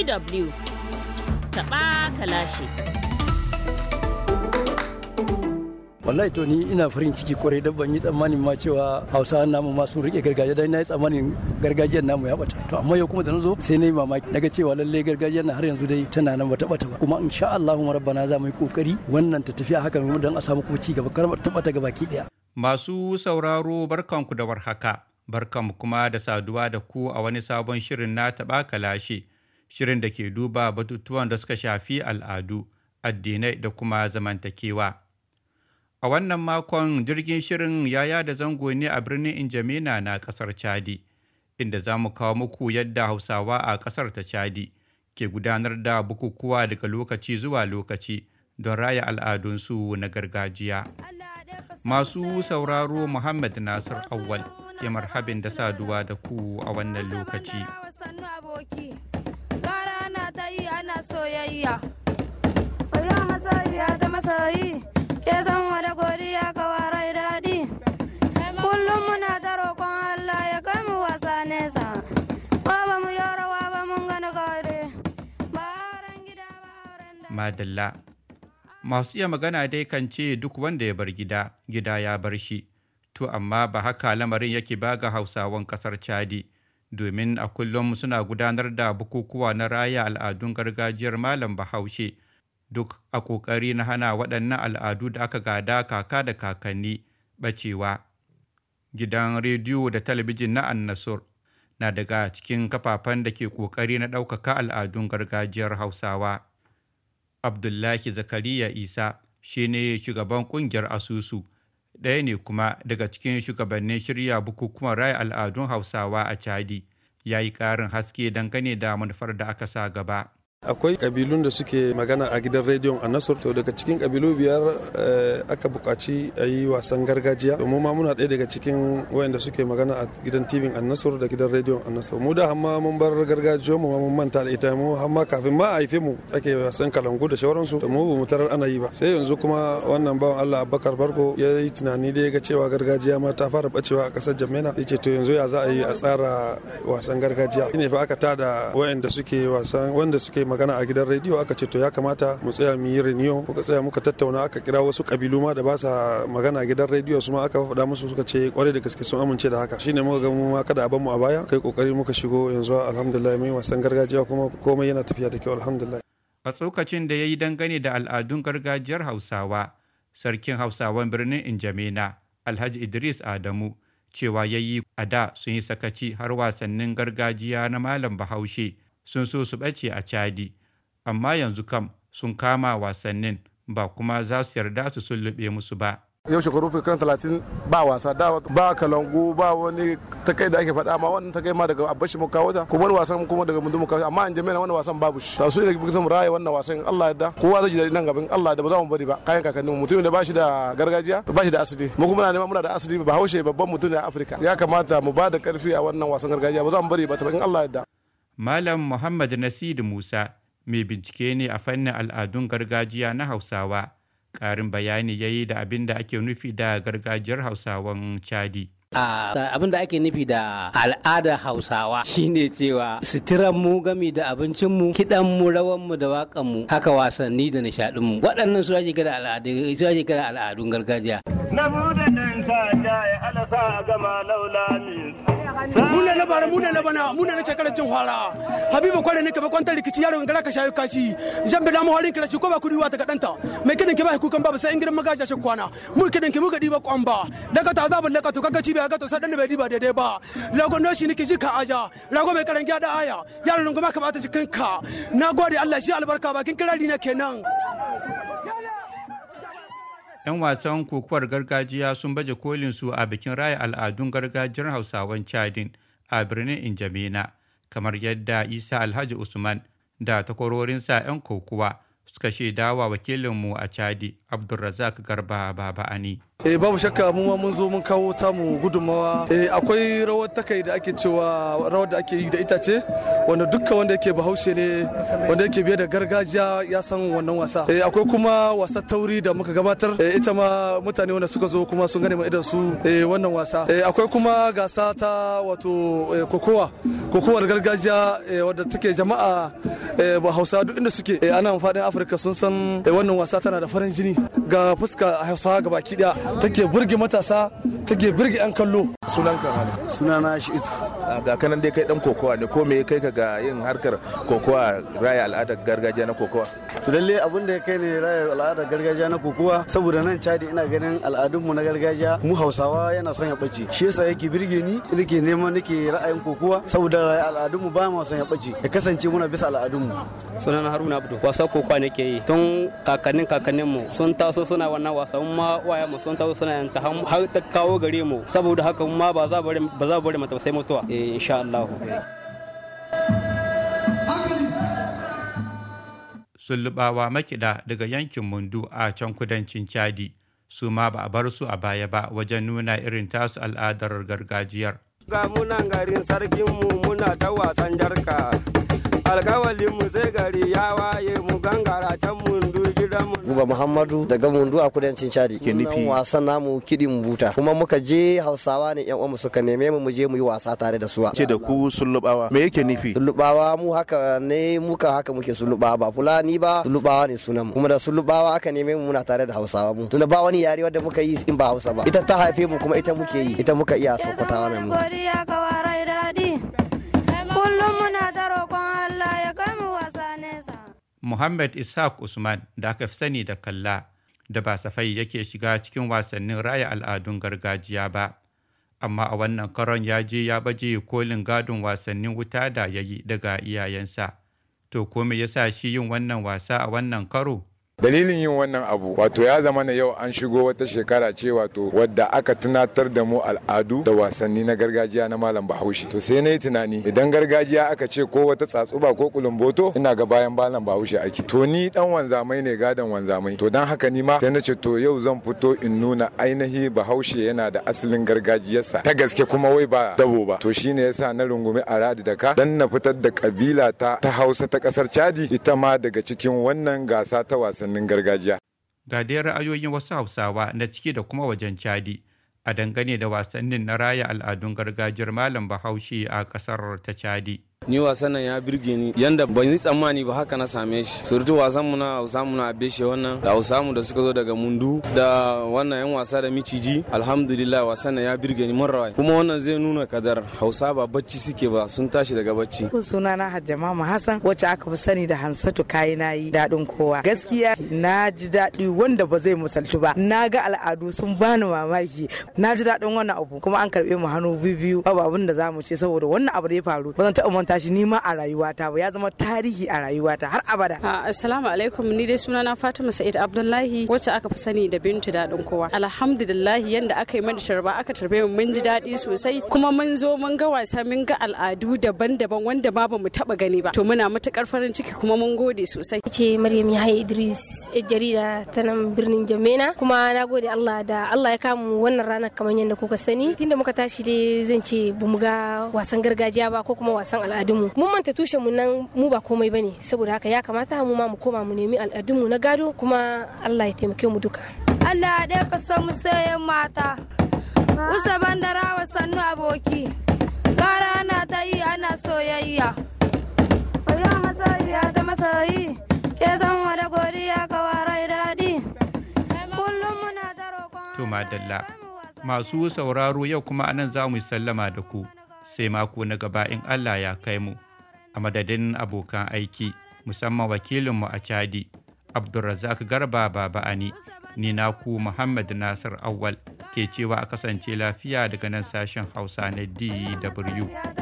DW taɓa kalashe. wallahi to ni ina farin ciki kwarai da ban yi tsammanin ma cewa hausa namu ma sun rike gargajiya dan yi tsammanin gargajiyar namu ya bata to amma yau kuma da zo sai nayi mamaki daga cewa lalle gargajiyar na har yanzu dai tana nan bata bata ba kuma insha Allahu rabbana za mu yi kokari wannan ta haka hakan dan a samu kuma ci gaba karbar ta bata gabaki daya masu sauraro barkanku da warhaka barkanku kuma da saduwa da ku a wani sabon shirin na taɓa kalashe shirin da ke duba batutuwan da suka shafi al'adu, addinai da kuma zamantakewa. A wannan makon jirgin shirin ya yada zango ne a birnin injamina na ƙasar Chadi, inda za mu kawo muku yadda Hausawa a ƙasar ta Chadi ke gudanar da bukukuwa daga lokaci zuwa lokaci don raya al'adunsu na gargajiya. Masu sauraro Muhammad Nasir Awal ke marhabin da saduwa da ku a wannan lokaci. masoyiya wayo masoyiya ta masoyi ke san wada godiya ka warai daɗi kullum muna ta roƙon Allah ya kai mu wasa nesa ko ba mu yi rawa ba mun gani kawai ba gida ba da madalla masu iya magana dai kan ce duk wanda ya bar gida gida ya bar shi to amma ba haka lamarin yake ba ga hausawan ƙasar chadi domin a kullum suna gudanar da bukukuwa na raya al'adun gargajiyar malam bahaushe duk a ƙoƙari na hana waɗannan al'adu da aka gada kaka da kakanni ɓacewa. Gidan rediyo da talabijin na Annasur na daga cikin kafafen da ke ƙoƙari na ɗaukaka al'adun gargajiyar Hausawa. Abdullahi Zakariya Isa shi ne shugaban ƙungiyar Asusu ɗaya ne kuma daga cikin shugabannin shirya bukukuwan raya al'adun hausawa a chadi ya yi ƙarin haske dangane da manufar da aka sa gaba akwai kabilun da suke magana a gidan rediyon a nasar to daga cikin kabilu biyar eh, aka bukaci a yi wasan gargajiya mu ma muna ɗaya daga cikin wayanda suke magana a gidan tv a nasar da gidan rediyon a nasar mu da hamma mun bar gargajiya mu mun manta da ita mu hamma kafin ma a haife mu ake wasan kalangu da shawaransu da mu mu tarar ana yi ba sai yanzu kuma wannan bawan Allah Abubakar Barko ya yi tunani da ya ga cewa gargajiya ma ta fara bacewa a ƙasar Jamena ce to yanzu ya za a yi a tsara wasan gargajiya ne fa aka tada wayanda suke wasan wanda suke magana a gidan rediyo aka ce to ya kamata mu tsaya mu yi renew muka tsaya muka tattauna aka kira wasu kabilu ma da ba sa magana a gidan rediyo su ma aka faɗa musu suka ce kwarai da gaske sun amince da haka shine muka ga mu ma kada abanmu mu a baya kai kokari muka shigo yanzu alhamdulillah mai wasan gargajiya kuma komai yana tafiya da kyau alhamdulillah a tsokacin da ya yi dangane da al'adun gargajiyar hausawa sarkin hausawan birnin injamena alhaji idris adamu cewa yayi yi a da sun yi sakaci har wasannin gargajiya na malam bahaushe sun so su ɓace a Chadi, amma yanzu kam sun kama wasannin ba kuma za su yarda su lube musu ba. yau shekaru kan talatin ba wasa da ba kalangu ba wani takai da ake faɗa ma wannan takai ma daga abashi mu kawo ta kuma wasan kuma daga mundu mu kawo amma an jami'a wannan wasan babu shi ta su ne da raye wannan wasan Allah ya da kowa zai ji daɗi nan gaban Allah da ba za mu bari ba kayan kakanni mutum da shi da gargajiya ba shi da asali mu kuma na neman muna da asali ba haushe babban mutum ne a Afirka ya kamata mu ba da karfi a wannan wasan gargajiya ba za mu bari ba ta in Allah ya da Malam Muhammad Nasiru Musa mai bincike ne a fannin al'adun gargajiya na Hausawa. Ƙarin bayani ya yi da abin da ake nufi da gargajiyar Hausawan Chadi. abin da ake nufi da al'adar hausawa shine cewa suturan mu gami da abincin mu kidan mu rawan mu da wakan mu haka wasanni da nishadin mu waɗannan su ake kira al'adun gargajiya na buɗe ɗin sata ya alasa a gama laula mu ne na bara mu ne na bana mu ne na shekarar cin fara habibu kware ne ka bai kwantar rikici yaro in gara ka shayo kashi jan bi damu harin kirashi ko ba kudi wata kadanta mai kidan ki ba kukan babu sai in gidan magaja shi kwana mu kidan ki mu gadi ba kwan ba daga ta zaban laka to kaga cibi ga to sadan da bai diba daidai ba lago no shi niki ji ka aja lago mai karan gya da aya yaro runguma ka ta jikin ka nagode Allah shi albarka bakin kirari na kenan 'yan wasan kokowar gargajiya sun baje kolin su a bikin raya al'adun gargajiyar hausawan chadin a birnin injamina kamar yadda isa alhaji usman da takwarorinsa 'yan kokowa suka shaidawa wakilinmu a chadi abdulrazak garba baba'ani eh babu shakka mu ma mun zo mun kawo mu gudunmawa eh akwai rawar takai da ake cewa rawar da ake yi da itace wanda dukkan wanda yake bahaushe ne wanda yake biye da gargajiya ya san wannan wasa eh akwai kuma wasa tauri da muka gabatar eh ita ma mutane wanda suka zo kuma sun gane idan su eh wannan wasa eh akwai kuma gasa ta wato eh, kokowa kokowar gargajiya eh, wadda take jama'a Eh, ba hausa duk inda suke eh, ana nan faɗin afirka sun san eh, wannan wasa tana da farin jini ga fuska hausa ga baki daya take burge matasa take burge yan kallo sunanka sunana shi ga kanan dai kai dan kokowa ne ko me kai ka ga yin harkar kokowa raya al'adar gargajiya na kokowa to lalle abin da ya kai ne raya al'adar gargajiya na kokowa saboda nan chadi ina ganin al'adunmu na gargajiya mu hausawa yana son ya bace shi yasa yake birge ni nake neman nake ra'ayin kokowa saboda raya al'adunmu ba ma son ya bace ya kasance muna bisa al'adunmu sunan haruna abdu wasa kokowa nake yi tun kakannin kakannin mu sun taso suna wannan wasa ma waya mu sun taso suna yanta har ta kawo gare mu saboda haka ma ba za ba za bari mata sai mutuwa eh insha Allah sullubawa makida daga yankin mundu a can kudancin chadi su ma ba a bar su a baya ba wajen nuna irin tasu al'adar gargajiyar ga muna garin sarkinmu muna ta wasan jarka alkawalinmu sai gari ya waye mu gangara can mundu Guba Muhammadu daga Mundu a kudancin Chadi. Ke nufi wasan namu kiɗin buta. Kuma muka je Hausawa ne ƴan uwanmu suka neme mu mu je mu yi wasa tare da su. Ke da ku sulubawa. Me yake nufi? Sulubawa mu haka ne muka haka muke sulubawa ba Fulani ba sulubawa ne sunan mu. Kuma da sulubawa aka neme mu muna tare da Hausawa mu. Tunda ba wani yare wanda muka yi in ba Hausa ba. Ita ta haife mu kuma ita muke yi. Ita muka iya sokotawa nan mu. Muhammad Ishaq Usman da aka fi sani da kalla da ba safai yake shiga cikin wasannin raya al'adun gargajiya ba. Amma a wannan karon ya je ya baje kolin gadon wasannin wuta da ya yi daga iyayensa. To kome ya sa shi yin wannan wasa a wannan karo? dalilin yin wannan abu wato ya zama na yau an shigo wata shekara ce wato wadda aka tunatar da mu al'adu da wasanni na gargajiya na malam bahaushe to sai na yi tunani idan gargajiya aka ce ko wata tsatsuba ko kulumboto ina ga bayan malam bahaushe ake to ni dan wanzamai ne gadon wanzamai to dan haka ni ma sai na ce to yau zan fito in nuna ainihi bahaushe yana da asalin gargajiyarsa ta gaske kuma wai ba dabo ba to shine yasa na rungumi aradi da ka dan na fitar da kabila ta ta Hausa ta kasar Chadi ita ma daga cikin wannan gasa ta wasanni wasannin gargajiya. Ga dai ra'ayoyin wasu Hausawa na ciki da kuma wajen Chadi a dangane da wasannin na raya al'adun gargajiyar Malam Bahaushe a ƙasar ta Chadi. ni wasan nan ya birge ni yanda ban yi tsammani ba haka na same shi surutu wasan mu na hausa mu na shi wannan da hausa mu da suka zo daga mundu da wannan yan wasa da miciji alhamdulillah wasan nan ya birge ni mun kuma wannan zai nuna kadar hausa ba bacci suke ba sun tashi daga bacci kun suna na hajjama hassan wacce aka fi sani da hansatu kayi na yi daɗin kowa gaskiya na ji daɗi wanda ba zai misaltu ba na ga al'adu sun bani mamaki na ji daɗin wannan abu kuma an karɓe mu hannu biyu biyu babu abin da za mu ce saboda wannan abu da ya faru ba zan taɓa tashi ni ma a rayuwata ba ya zama tarihi a rayuwata har abada ah, assalamu alaikum ni dai sunana Fatima Sa'id Abdullahi wacce aka fi sani da Bintu Dadin kowa alhamdulillah yanda aka yi mana sharba aka tarbe mu mun ji daɗi sosai kuma mun zo mun ga wasa mun ga al'adu daban-daban wanda ba mu taba gani ba to muna matukar farin ciki kuma mun gode sosai ce Maryam Yahaya Idris jarida ta nan birnin Jamena kuma na gode Allah da Allah ya kamu wannan rana kamar yadda kuka sani tunda muka tashi dai zan ce bamu ga wasan gargajiya ba ko kuma wasan al'adu al'adunmu mun manta tushen mu nan mu ba komai bane saboda haka ya kamata mu ma mu koma mu nemi al'adunmu na gado kuma Allah ya taimake mu duka Allah ya ka san mu sayan mata Usa bandara wa sannu aboki Gara na ta yi ana soyayya Oyo masoyiya ta masoyi ke zan wada godiya ka warai daɗi Kullum muna ta roƙon To madalla masu sauraro yau kuma anan za sallama da ku sai mako na gaba in Allah ya kai mu a madadin abokan aiki musamman wakilinmu a Chadi Abdulrazak Garba Baba'ani ni ku Muhammad Nasir Awal ke cewa a kasance lafiya daga nan sashen Hausa na DW.